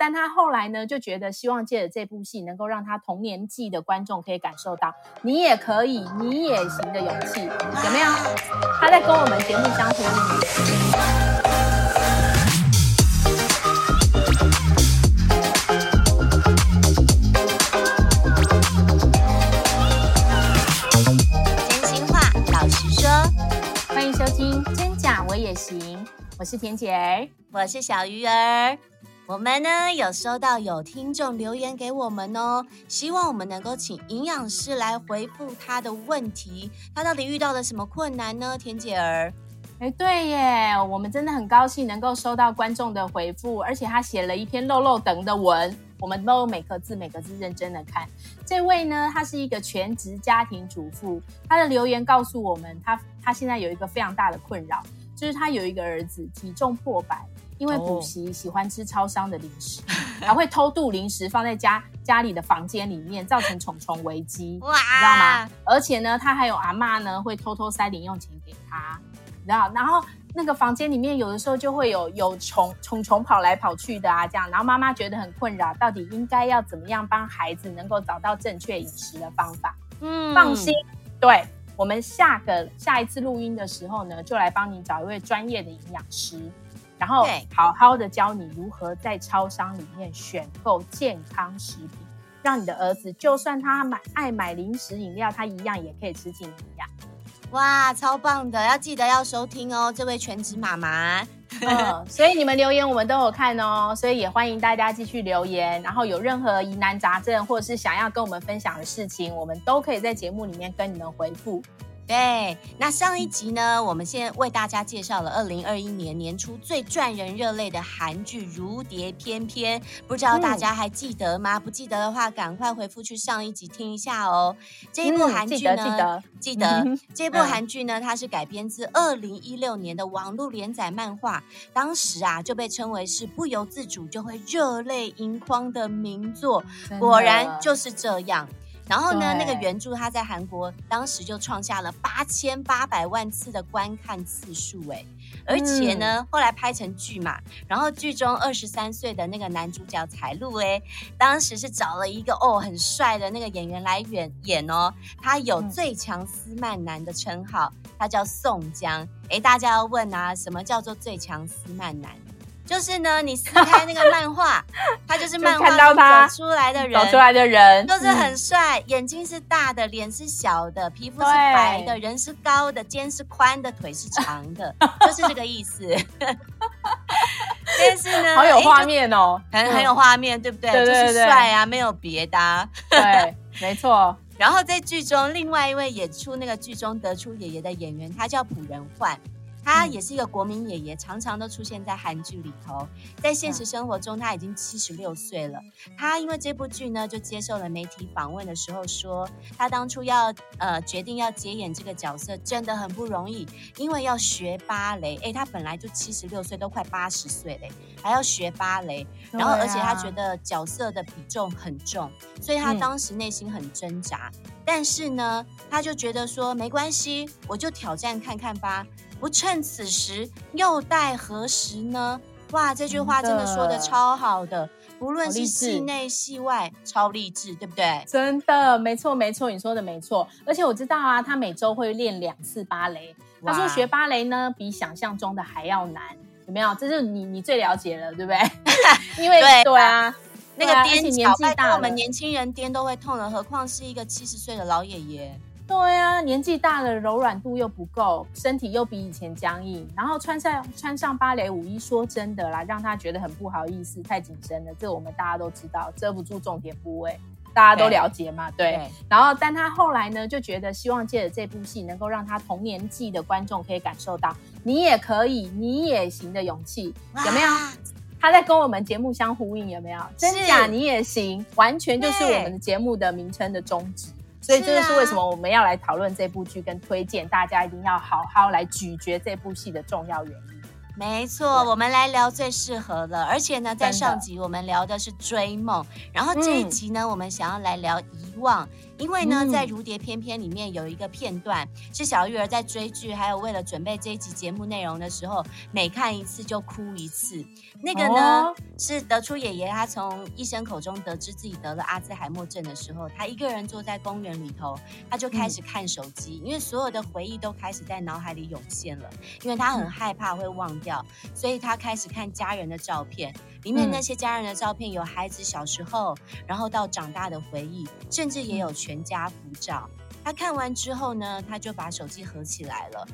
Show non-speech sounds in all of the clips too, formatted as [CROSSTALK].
但他後來呢，就覺得希望借着這部戲，能夠讓他同年紀的觀眾可以感受到，你也可以，你也行的勇氣，有沒有？他在跟我們節目相親呢。真心話，老實說，歡迎收聽《真假我也行》，我是恬姐兒，我是小瑜兒。我們呢，有收到有聽眾留言給我們哦，希望我們能夠請營養師來回復他的問題，他到底遇到了什麼困難呢？恬姐兒，哎，對耶，我們真的很高興能夠收到觀眾的回復，而且他寫了一篇落落長的文，我們都每個字每個字認真的看。這位呢，他是一個全職家庭主婦，他的留言告訴我們他，他他現在有一個非常大的困擾，就是他有一個兒子體重破百。因為補習喜歡吃超商的零食，還、oh. [LAUGHS] 會偷渡零食放在家家裡的房間裡面，造成蟲蟲危機，哇你知道嗎？而且呢，他還有阿媽呢，會偷偷塞零用錢給他，你知道？然後那個房間裡面有的時候就會有有蟲蟲蟲跑來跑去的啊，這樣。然後媽媽覺得很困擾，到底應該要怎麼樣幫孩子能夠找到正確飲食的方法？嗯，放心，對，我們下個下一次錄音的時候呢，就來幫你找一位專業的營養師。然後好好的教你如何在超商裡面選購健康食品，讓你的兒子就算他買愛買零食飲料，他一樣也可以吃進營養。哇，超棒的！要記得要收聽哦，這位全職媽媽、 [LAUGHS] 嗯。所以你們留言我們都有看哦，所以也歡迎大家繼續留言。然後有任何疑難雜症或者是想要跟我們分享的事情，我們都可以在節目裡面跟你們回復。對，那上一集呢？我們先為大家介紹了二零二一年年初最賺人熱淚的韓劇《如蝶翩翩》，不知道大家還記得嗎？嗯、不記得的話，趕快回復去上一集聽一下哦。這一部韓劇呢，記得、嗯、記得，這一部韓劇呢，它是改編自二零一六年的網絡連載漫畫，當時啊就被稱為是不由自主就會熱淚盈眶的名作，真的。果然就是這樣。然後呢，對那個原著他在韓國當時就創下了八千八百萬次的觀看次數誒，嗯、而且呢，後來拍成劇嘛，然後劇中二十三歲的那個男主角彩路誒，當時是找了一個哦很帥的那個演員來演演哦、喔，他有最強撕漫男的稱號，他叫宋江誒、嗯欸，大家要問啊，什麼叫做最強撕漫男？就是呢，你撕開那個漫畫，他就是漫畫走出來的人，走出來的人都是很帥，眼睛是大的，臉是小的，皮膚是白的，人是高的，肩是寬的，腿是長的，就是這個意思。但是呢，好有畫面哦，很很有畫面，對不對？就是帥啊，沒有別的，對，沒錯。然後在劇中，另外一位演出那個劇中德出爺爺的演員，他叫朴仁煥。他也是一個國民爺爺，常常都出現在韓劇裡頭。在現實生活中，他已經七十六歲了。他因為這部劇呢，就接受了媒體訪問的時候說，他當初要呃決定要接演這個角色，真的很不容易，因為要學芭蕾。哎、欸，他本來就七十六歲，都快八十歲了，還要學芭蕾。然後，對啊、而且他覺得角色的比重很重，所以他當時內心很掙扎。嗯、但是呢，他就覺得說沒關係，我就挑戰看看吧。不趁此時，又待何時呢？哇，這句話真的說得超好的，的不論是戲內戲外，勵超勵志，對不對？真的，沒錯沒錯，你說的沒錯。而且我知道啊，他每周會練兩次芭蕾。哇他說學芭蕾呢，比想象中的還要難，有沒有？這是你你最了解了，對不對？ [LAUGHS] 因為 [LAUGHS] 對啊，那個顛、啊、年紀大，我們年輕人顛都會痛的，何況是一個七十歲的老爺爺。對呀、啊，年紀大了，柔軟度又不夠，身體又比以前僵硬，然後穿上穿上芭蕾舞衣，說真的啦，讓他覺得很不好意思，太緊身了，這我們大家都知道，遮不住重點部位，大家都了解嘛，對。對對然後，但他後來呢，就覺得希望借着這部戲，能夠讓他同年紀的觀眾可以感受到，你也可以，你也行的勇氣，有沒有？哇他在跟我們節目相呼應，有沒有？是真假，你也行，完全就是我們的節目的名稱的宗旨。所以這就是為什麼我們要來討論這部劇，跟推薦大家一定要好好來咀嚼這部戲的重要原因。沒錯，對我們來聊最適合的，而且呢，在上集我們聊的是追夢，真的然後這一集呢，我們想要來聊遺忘。嗯因為呢，嗯、在《如蝶翩翩》裡面有一個片段，是小瑜兒在追劇，還有為了準備這一集節目內容的時候，每看一次就哭一次。那個呢，哦、是德出爺爺他從醫生口中得知自己得了阿茲海默症的時候，他一個人坐在公園裡頭，他就開始看手機，嗯、因為所有的回憶都開始在腦海裡湧現了。因為他很害怕會忘掉，嗯、所以他開始看家人的照片，裡面那些家人的照片有孩子小時候，然後到長大的回憶，甚至也有。全家福照，他看完之後呢，他就把手機合起來了。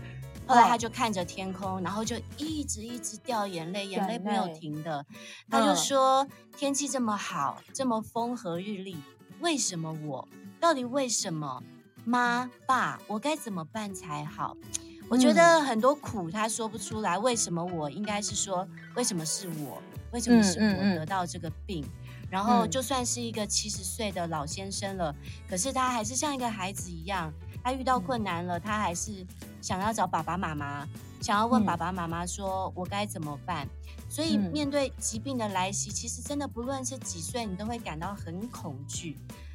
後來他就看着天空，oh. 然後就一直一直掉眼淚，眼淚沒有停的。來他就說：“ oh. 天氣這麼好，這麼風和日麗，為什麼我？到底為什麼？媽爸，我該怎麼辦才好？”我覺得很多苦他說不出來，為什麼我？應該是說，為什麼是我？為什麼是我得到這個病？嗯嗯嗯然後就算是一個七十歲的老先生了，嗯、可是他還是像一個孩子一樣。他遇到困難了，嗯、他還是想要找爸爸媽媽，想要問爸爸媽媽說：“我該怎麼辦？”嗯、所以面對疾病的來襲，其實真的不論是幾歲，你都會感到很恐懼。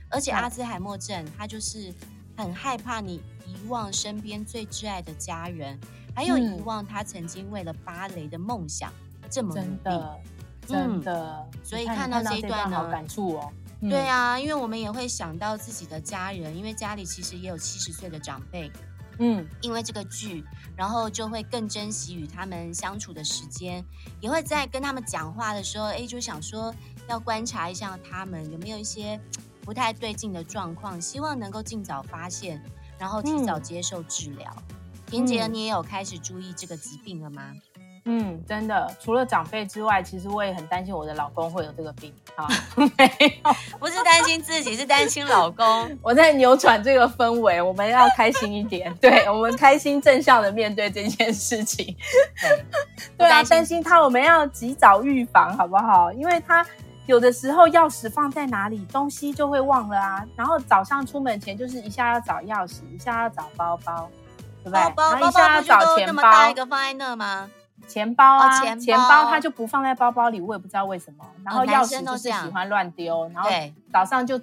而且阿茲海默症，啊、他就是很害怕你遺忘身邊最摯愛的家人，還有遺忘他曾經為了芭蕾的夢想，嗯、這麼努真的，嗯，所以看到，看到這一段呢，段好感觸哦。嗯、對啊，因為我們也會想到自己的家人，因為家裡其實也有七十歲的長輩。嗯，因為這個劇，然後就會更珍惜與他們相處的時間，也會在跟他們講話的時候，哎、欸，就想說要觀察一下他們有沒有一些不太對勁的狀況，希望能夠盡早發現，然後提早接受治療。恬姐，你也有開始注意這個疾病了嗎？嗯，真的。除了長輩之外，其實我也很擔心我的老公會有這個病啊。好沒有，不是擔心自己， [LAUGHS] 是擔心老公。我在扭轉這個氛圍，我們要開心一點。 [LAUGHS] 對，我們開心正向的面對這件事情。對，對啊，擔心他，我們要及早預防，好不好？因為他有的時候鑰匙放在哪裡，東西就會忘了啊。然後早上出門前，就是一下要找鑰匙，一下要找包包，對不對？包包，包，包包不就都那麼大一個放在那嗎？錢包啊，哦、錢包錢包，他就不放在包包裡，我也不知道為什麼。然後鑰匙就是喜歡亂丟，哦、然後早上就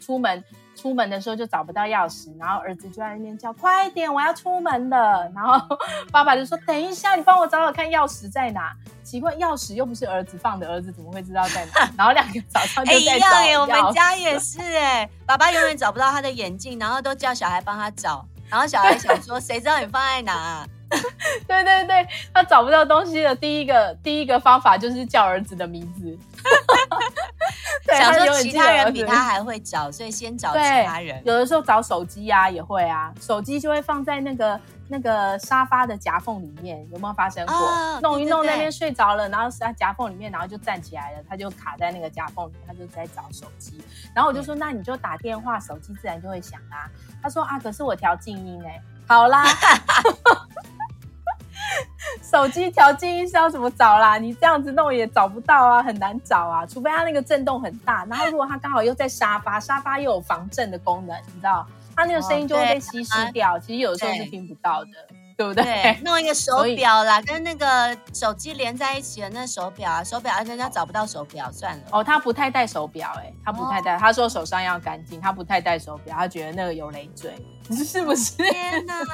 出門，對出門的時候就找不到鑰匙，然後兒子就在那邊叫：“快點，我要出門了。”然後爸爸就說：“等一下，你幫我找找看鑰匙在哪。”奇怪，鑰匙又不是兒子放的，兒子怎麼會知道在哪？ [LAUGHS] 然後兩個早上就在這哎，一樣哎，我們家也是哎， [LAUGHS] 爸爸永遠找不到他的眼鏡，然後都叫小孩幫他找，然後小孩想說：“誰 [LAUGHS] 知道你放在哪，啊？” [LAUGHS] 對對對，他找不到東西的第一個第一個方法就是叫兒子的名字。 [LAUGHS] 對，他有其他人比他還會找，所以先找其他人。有的時候找手機啊也會啊，手機就會放在那個那個沙發的夾縫裡面，有沒有發生過？Oh, oh, 弄一弄，在那邊睡着了，對對對，然後在夾縫裡面，然後就站起來了，他就卡在那個夾縫裡，他就在找手機。然後我就說：“對那你就打電話，手機自然就會響啊。”他說：“啊，可是我調靜音哎。” [LAUGHS] 好啦。 [LAUGHS] 手機調靜音是要怎麼找啦？你這樣子弄也找不到啊，很難找啊。除非他那個震動很大，然後如果他剛好又在沙發，沙發又有防震的功能，你知道，他那個聲音就會被稀釋掉。其實有時候是聽不到的，對，對不對，對？弄一個手表啦，以跟那個手機連在一起的那個手表啊，手表哎、啊，人家找不到手表，算了。哦，他不太戴手表、欸，哎，他不太戴，他、哦、說手上要乾淨，他不太戴手表，他覺得那個有累贅，你說是不是？天哪！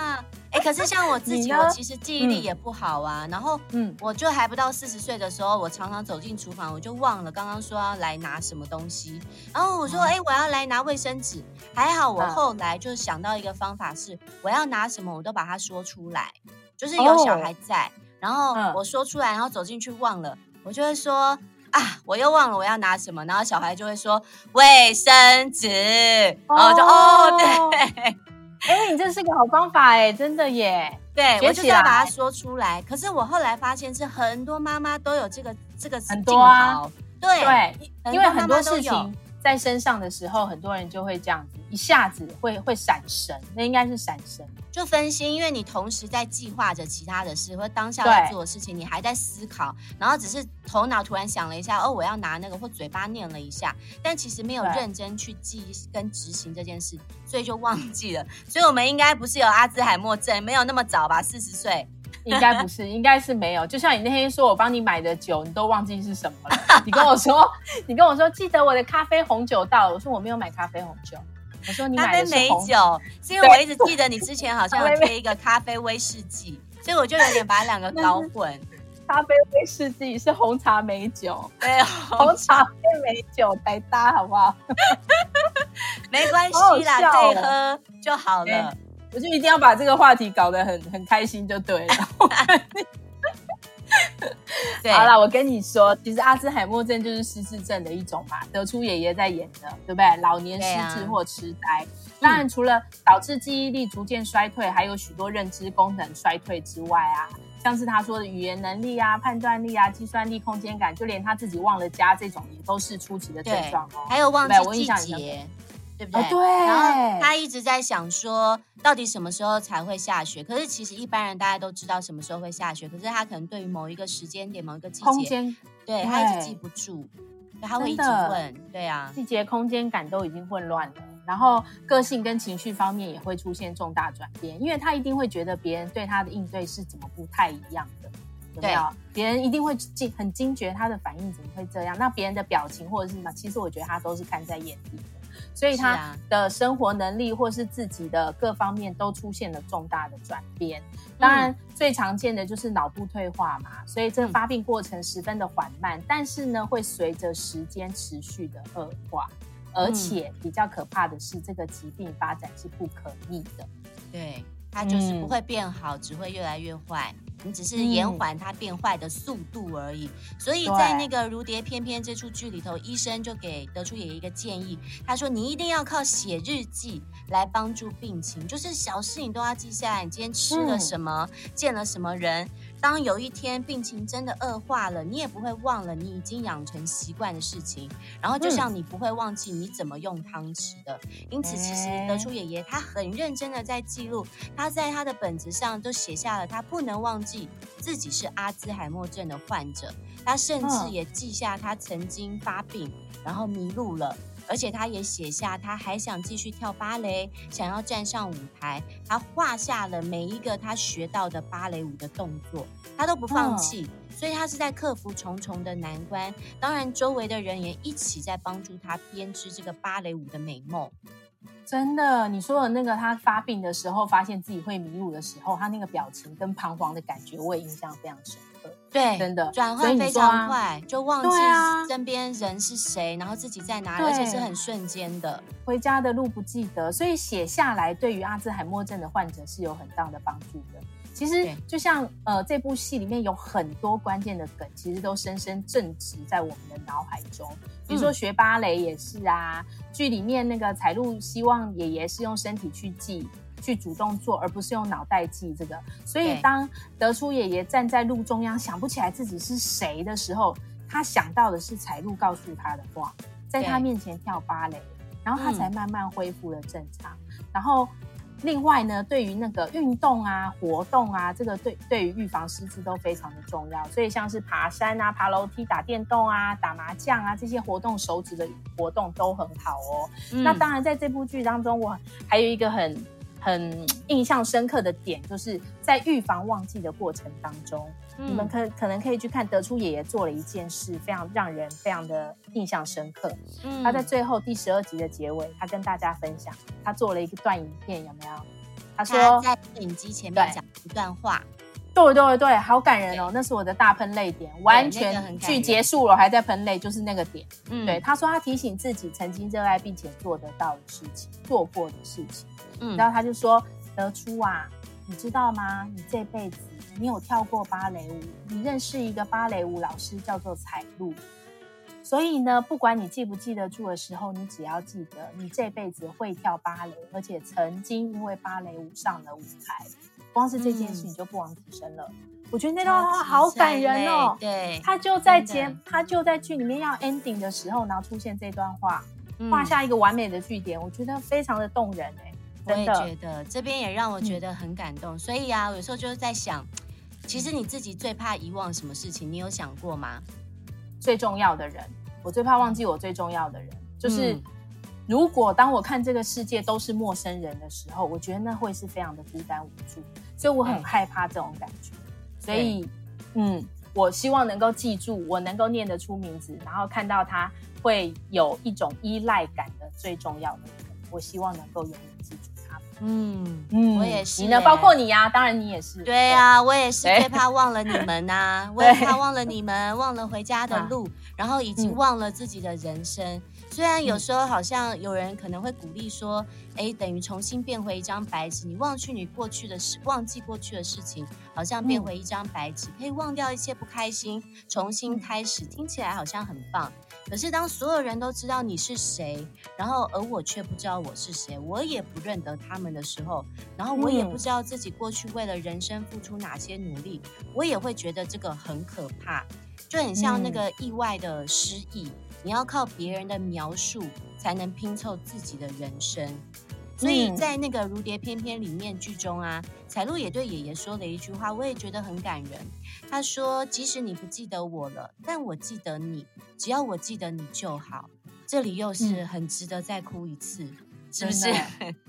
欸、可是像我自己，呢我其實記憶力也不好啊。嗯、然後，嗯，我就還不到四十歲的時候，我常常走進廚房，我就忘了剛剛說要來拿什麼東西。然後我說，哎、啊欸，我要來拿衛生紙。還好我後來就想到一個方法是，是、啊、我要拿什麼我都把它說出來，就是有小孩在，哦、然後我說出來，然後走進去忘了，啊、我就會說啊，我又忘了我要拿什麼。然後小孩就會說衛生紙，哦、然後我就哦對。哦哎，你、欸、這是個好方法哎，真的耶！對，我就是要把它說出來。欸、可是我後來發現，是很多媽媽都有這個這個技巧。很多啊，對對，對，因為很多事情。在身上的時候，很多人就會這樣子，一下子會會閃神，那應該是閃神，就分心，因為你同時在計劃着其他的事或當下要做的事情，對你還在思考，然後只是頭腦突然想了一下，哦，我要拿那個或嘴巴念了一下，但其實沒有認真去記跟執行這件事，對所以就忘記了。所以我們應該不是有阿茲海默症，沒有那麼早吧，四十歲。應該不是，應該是沒有。就像你那天說我幫你買的酒，你都忘記是什麼了。 [LAUGHS] 你跟我說，你跟我說記得我的咖啡紅酒到了。我說我沒有買咖啡紅酒。我說你買的是紅美酒，是因為我一直記得你之前好像有貼一，對 [LAUGHS] 一個咖啡威士忌，所以我就有點把兩個搞混。咖啡威士忌是紅茶美酒，對，紅茶配美酒白搭，好不好？ [LAUGHS] 沒關係啦，可以 [LAUGHS] 喝就好了。我就一定要把這個話題搞得很很開心就對了。 [LAUGHS] [LAUGHS] 對，好了，我跟你說，其實阿茲海默症就是失智症的一種嘛。得出爺爺在演的，對不對？老年失智或痴呆，啊、當然除了導致記憶力逐漸衰退，還有許多認知功能衰退之外啊，像是他說的語言能力啊、判斷力啊、計算力、空間感，就連他自己忘了家這種，也都是初期的症狀哦。還有忘記季節。對對不對？哦、對。然後他一直在想說，到底什麼時候才會下雪？可是其實一般人大家都知道什麼時候會下雪，可是他可能對於某一個時間點、某一個季節，空間。對，對。他一直記不住，真的。他會一直問。對啊，季節、空間感都已經混亂了。然後個性跟情緒方面也會出現重大轉變，因為他一定會覺得別人對他的應對是怎麼不太一樣的，有沒有？對。別人一定會很驚覺他的反應怎麼會這樣？那別人的表情或者是什麼，其實我覺得他都是看在眼底所以他的生活能力或是自己的各方面都出現了重大的轉變。當然，最常見的就是腦部退化嘛。所以這個發病過程十分的緩慢，但是呢，會隨着時間持續的惡化，而且比較可怕的是，這個疾病發展是不可逆的。對。它就是不會變好，嗯、只會越來越壞。你只是延緩它變壞的速度而已。嗯、所以在那個《如蝶翩翩》這齣劇裡頭，對醫生就給德出爺一個建議，他說：“你一定要靠寫日記來幫助病情，就是小事你都要記下來，你今天吃了什麼，嗯、見了什麼人。”當有一天病情真的惡化了，你也不會忘了你已經養成習慣的事情。然後就像你不會忘記你怎麼用湯匙的。因此，其實德出爺爺他很認真的在記錄，他在他的本子上都寫下了他不能忘記自己是阿茲海默症的患者。他甚至也記下他曾經發病然後迷路了。而且他也寫下，他還想繼續跳芭蕾，想要站上舞台。他畫下了每一個他學到的芭蕾舞的動作，他都不放棄。嗯。所以，他是在克服重重的難關。當然，周圍的人也一起在幫助他編織這個芭蕾舞的美夢。真的，你說的那個他發病的時候，發現自己會迷路的時候，他那個表情跟彷徨的感覺，我也印象非常深。對，真的轉換非常快，啊、就忘記身邊人是誰，啊、然後自己在哪裡，對而且是很瞬間的。回家的路不記得，所以寫下來對於阿茲海默症的患者是有很大的幫助的。其實就像對呃這部戲裡面有很多關鍵的梗，其實都深深正直在我們的腦海中。比如說學芭蕾也是啊，劇、嗯、裡面那個彩璐希望爺爺是用身體去記。去主動做，而不是用腦袋記這個。所以當德出爺爺站在路中央對想不起來自己是誰的時候，他想到的是彩路告訴他的話，在他面前跳芭蕾，對然後他才慢慢恢復了正常。嗯、然後另外呢，對於那個運動啊、活動啊，這個對對於預防失智都非常的重要。所以像是爬山啊、爬樓梯、打電動啊、打麻將啊這些活動，手指的活動都很好哦。嗯、那當然，在這部劇當中，我還有一個很。很印象深刻的點，就是在預防忘記的過程當中，嗯、你們可可能可以去看，德出爺爺做了一件事，非常讓人非常的印象深刻。嗯，他在最後第十二集的結尾，他跟大家分享，他做了一段影片，有沒有？他,說他在影機前面講對一段話。對對對，好感人哦，對那是我的大噴淚點，完全劇結束了，那個、還在噴淚，就是那個點。嗯，對，他說他提醒自己曾經熱愛並且做得到的事情，做過的事情。嗯，然後他就說：“德初啊，你知道嗎？你這輩子你有跳過芭蕾舞，你認識一個芭蕾舞老師叫做彩露。所以呢，不管你記不記得住的時候，你只要記得你這輩子會跳芭蕾，而且曾經因為芭蕾舞上了舞台，光是這件事你就不枉此生了。嗯、我覺得那段話好感人哦。對，他就在結，的他就在劇裡面要 ending 的時候，然後出現這段話，嗯、畫下一個完美的句點，我覺得非常的動人、欸。”我也覺得這邊也讓我覺得很感動，嗯、所以啊，有時候就是在想，其實你自己最怕遺忘什麼事情？你有想過嗎？最重要的人，我最怕忘記我最重要的人，就是、嗯、如果當我看這個世界都是陌生人的時候，我覺得那會是非常的孤單無助，所以我很害怕這種感覺。嗯、所以，對嗯，我希望能夠記住，我能夠念得出名字，然後看到他會有一種依賴感的最重要的人，我希望能夠永遠記住。嗯嗯，嗯，我也是、欸。你呢？包括你呀、啊，當然你也是。對啊，我也是最怕忘了你們吶、啊。欸、我也怕忘了你們， [LAUGHS] 忘了回家的路，啊、然後已經忘了自己的人生。嗯嗯。雖然有時候好像有人可能會鼓勵說，誒，等於重新變回一張白紙，你忘去你過去的事，忘記過去的事情，好像變回一張白紙，嗯、可以忘掉一些不開心，重新開始，嗯、聽起來好像很棒。可是當所有人都知道你是誰，然後而我卻不知道我是誰，我也不認得他們的時候，然後我也不知道自己過去為了人生付出哪些努力，我也會覺得這個很可怕，就很像那個意外的失憶。嗯嗯你要靠別人的描述才能拼湊自己的人生，所以在那個《如蝶翩翩》裡面劇中啊，彩璐也對爺爺說了一句話，我也覺得很感人。他說：“即使你不記得我了，但我記得你，只要我記得你就好。”這裡又是很值得再哭一次，是不是？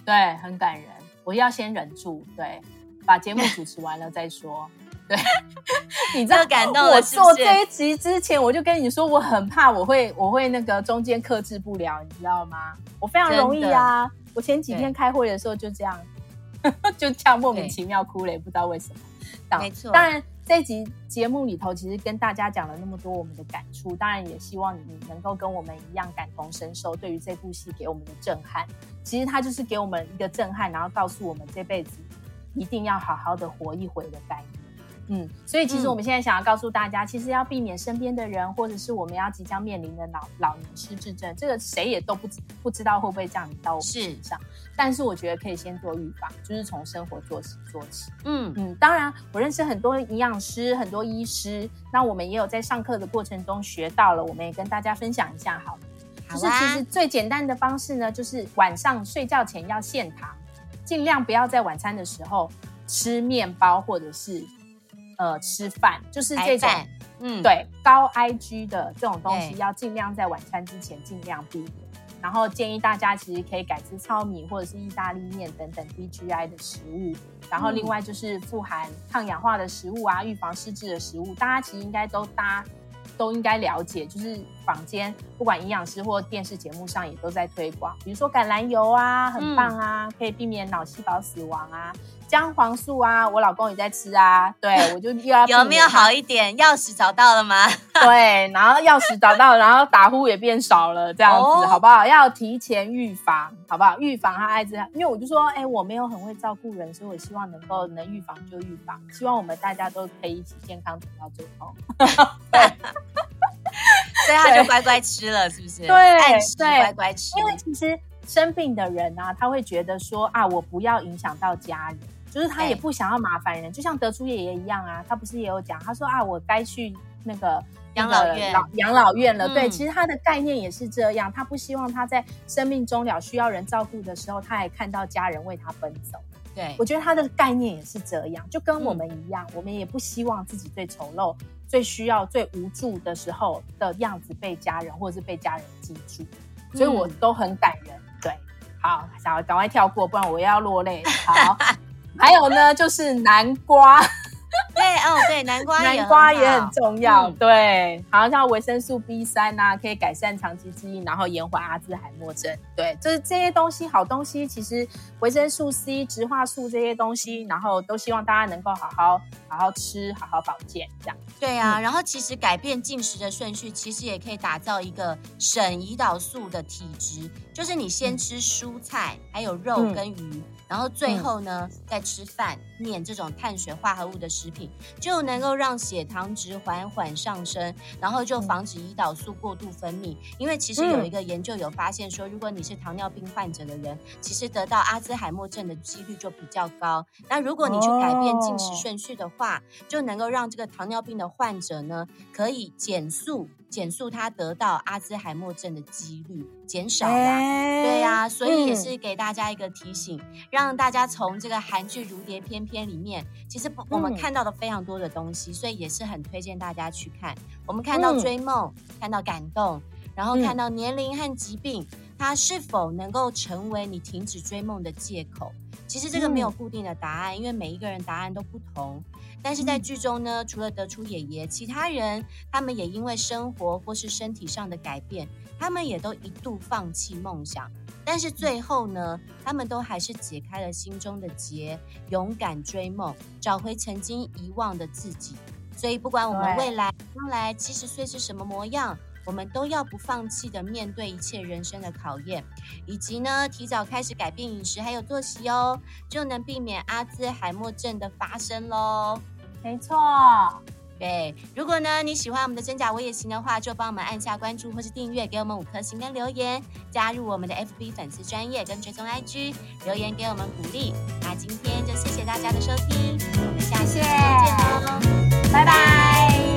對，很感人。我要先忍住，對，把節目主持完了再說。 [LAUGHS] 對， [LAUGHS] 你知道感動。我做這一集之前，我就跟你說，我很怕我會，我會那個中間克制不了，你知道嗎？我非常容易啊。的我前幾天開會的時候就這樣，對 [LAUGHS] 就這樣莫名其妙哭了，也對不知道為什麼。沒錯錯。當然，這一集節目裡頭，其實跟大家講了那麼多我們的感觸，當然也希望你能夠跟我們一樣感同身受。對於這部戲給我們的震撼，其實它就是給我們一個震撼，然後告訴我們這輩子一定要好好的活一回的概念。嗯，所以其實我們現在想要告訴大家，嗯、其實要避免身邊的人，或者是我們要即將面臨的老老年失智症，這個誰也都不不知道會不會降臨到我們身上。是但是我覺得可以先做預防，就是從生活做起做起。嗯嗯，當然我認識很多營養師，很多醫師，那我們也有在上課的過程中學到了，我們也跟大家分享一下，好了，就是其實最簡單的方式呢，就是晚上睡覺前要限糖，盡量不要在晚餐的時候吃麵包或者是。呃，吃飯就是這種，嗯，對，高 IG 的這種東西要盡量在晚餐之前盡量避免。欸、然後建議大家其實可以改吃糙米或者是意大利麵等等低 GI 的食物。然後另外就是富含抗氧化的食物啊，嗯、預防失智的食物，大家其實應該都大家都應該了解，就是坊間不管營養師或電視節目上也都在推廣，比如說橄欖油啊，很棒啊，嗯、可以避免腦細胞死亡啊。薑黃素啊，我老公也在吃啊，對，我就又要 [LAUGHS] 有沒有好一點？鑰匙找到了嗎？ [LAUGHS] 對，然後鑰匙找到了，然後打呼也變少了，這樣子、哦、好不好？要提前預防，好不好？預防他癌症，因為我就說，哎、欸，我沒有很會照顧人，所以我希望能夠能預防就預防，希望我們大家都可以一起健康走到最後。所以他就乖乖吃了，是不是？對，對乖乖吃，因為其實生病的人呢、啊，他會覺得說啊，我不要影響到家人。就是他也不想要麻煩人，欸、就像德叔爺爺一樣啊，他不是也有講？他說啊，我該去那個養老，老，老，老院了。養老院了，對，其實他的概念也是這樣，他不希望他在生命終了需要人照顧的時候，他還看到家人為他奔走。對，我覺得他的概念也是這樣，就跟我們一樣，嗯、我們也不希望自己最醜陋、最需要、最無助的時候的樣子被家人或者是被家人記住。所以我都很感人。對，嗯、好，想要趕快跳過，不然我又要落淚。好。 [LAUGHS] 還有呢，就是南瓜。 [LAUGHS] 對，哦，對，南瓜也很南瓜也很重要。嗯、對，好像像維生素 B 三啊，可以改善長期記憶，然後延緩阿茲海默症。對，就是這些東西好東西，其實維生素 C、植化素這些東西，然後都希望大家能夠好好好，好好吃，好好保健這樣。對啊，嗯、然後其實改變進食的順序，其實也可以打造一個省胰島素的體質，就是你先吃蔬菜，嗯、還有肉跟魚。嗯然後最後呢，嗯、再吃飯，麵這種碳水化合物的食品，就能夠讓血糖值緩緩上升，然後就防止胰島素過度分泌。嗯、因為其實有一個研究有發現說，如果你是糖尿病患者的人，其實得到阿茲海默症的幾率就比較高。那如果你去改變進食順序的話，哦、就能夠讓這個糖尿病的患者呢，可以減速，減速他得到阿茲海默症的幾率，減少啦。哎所以也是給大家一個提醒，讓大家從這個韓劇《如蝶翩翩》裡面，其實不我們看到了非常多的東西，所以也是很推薦大家去看。我們看到追夢，看到感動，然後看到年齡和疾病，它是否能夠成為你停止追夢的借口？其實這個沒有固定的答案，因為每一個人答案都不同。但是在劇中呢，除了得出爺爺，其他人他們也因為生活或是身體上的改變，他們也都一度放棄夢想。但是最後呢，他們都還是解開了心中的結，勇敢追夢，找回曾經遺忘的自己。所以不管我們未來、對將來七十歲是什麼模樣，我們都要不放棄的面對一切人生的考驗，以及呢，提早開始改變飲食還有作息哦，就能避免阿茲海默症的發生嘍。沒錯。對，如果呢，你喜歡我們的真假我也行的話，就幫我們按下關注或是訂閱，給我們五顆星跟留言，加入我們的 FB 粉絲專頁跟追蹤 IG，留言給我們鼓勵。那今天就謝謝大家的收聽，我們下次再謝見嘍，哦，拜拜。